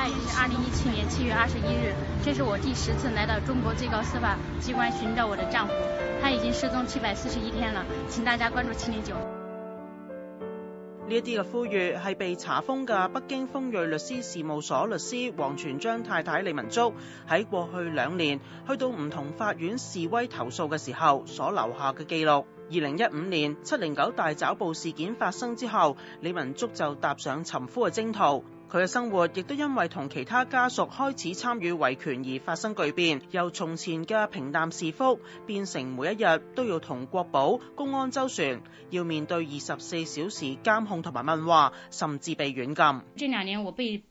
他是二零一七年七月二十一日，這是我第十次來到中國最高司法機關尋找我的丈夫，他已經失蹤七百四十一天了，請大家關注七零九。呢一啲嘅呼籲係被查封嘅北京鋒銳律師事務所律師王全璋太太李文足喺過去兩年去到唔同法院示威投訴嘅時候所留下嘅記錄。二零一五年七零九大抓捕事件發生之後，李文足就踏上尋夫嘅征途。佢嘅生活亦都因為同其他家屬開始參與維權而發生巨變，由從前嘅平淡是福變成每一日都要同國保、公安周旋，要面對二十四小時監控同埋問話，甚至被軟禁。這兩年我被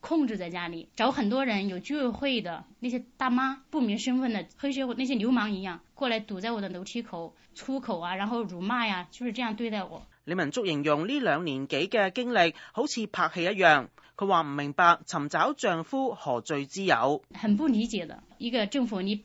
控制在家裏，找很多人，有居委會的那些大媽、不明身份的，黑些那些流氓一樣，過來堵在我的樓梯口，粗口啊，然後辱罵呀、啊，就是這樣對待我。李文足形容呢兩年幾嘅經歷好似拍戲一樣，佢話唔明白尋找丈夫何罪之有。很不理解的一個政府你。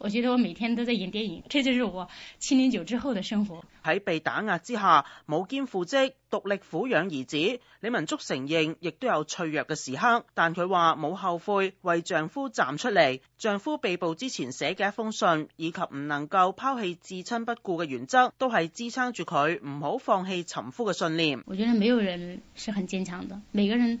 我覺得我每天都在演電影，這就是我七零九之後的生活。喺被打壓之下，母兼父職，獨力撫養兒子，李文足承認亦都有脆弱嘅時刻，但佢話冇後悔為丈夫站出嚟。丈夫被捕之前寫嘅一封信，以及唔能夠拋棄至親不顧嘅原則，都係支撐住佢唔好放棄尋夫嘅信念。我覺得沒有人是很堅強的，每個人。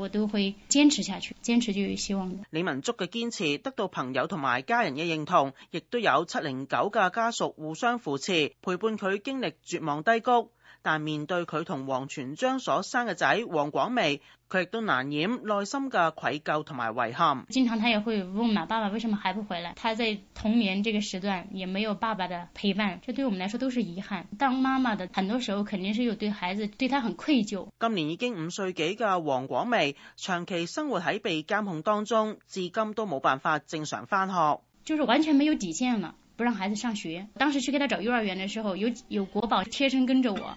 我都會堅持下去，堅持就有希望的。李文足嘅堅持得到朋友同埋家人嘅認同，亦都有七零九嘅家屬互相扶持，陪伴佢經歷絕望低谷。但面對佢同王全璋所生嘅仔王廣微，佢亦都難掩內心嘅愧疚同埋遺憾。經常他也會問：媽媽，爸爸為什麼還不回來？他在童年這個時段也沒有爸爸的陪伴，這對我們來說都是遺憾。當媽媽的，很多時候肯定是有對孩子對他很愧疚。今年已經五歲幾嘅王廣微，長期生活喺被監控當中，至今都冇辦法正常翻學。就是完全沒有底線了，不讓孩子上學。當時去給他找幼兒園的時候，有有國保貼身跟着我。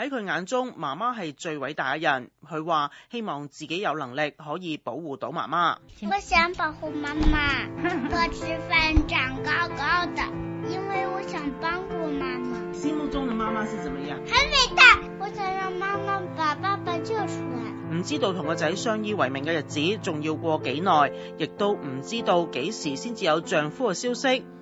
喺佢眼中，媽媽係最偉大嘅人。佢話希望自己有能力可以保護到媽媽。我想保護媽媽。多吃飯，長高高的，因為我想幫助媽媽。心目中的媽媽是怎麼樣？很偉大。我想讓媽媽把爸爸救出來。唔知道同個仔相依為命嘅日子仲要過幾耐，亦都唔知道幾時先至有丈夫嘅消息。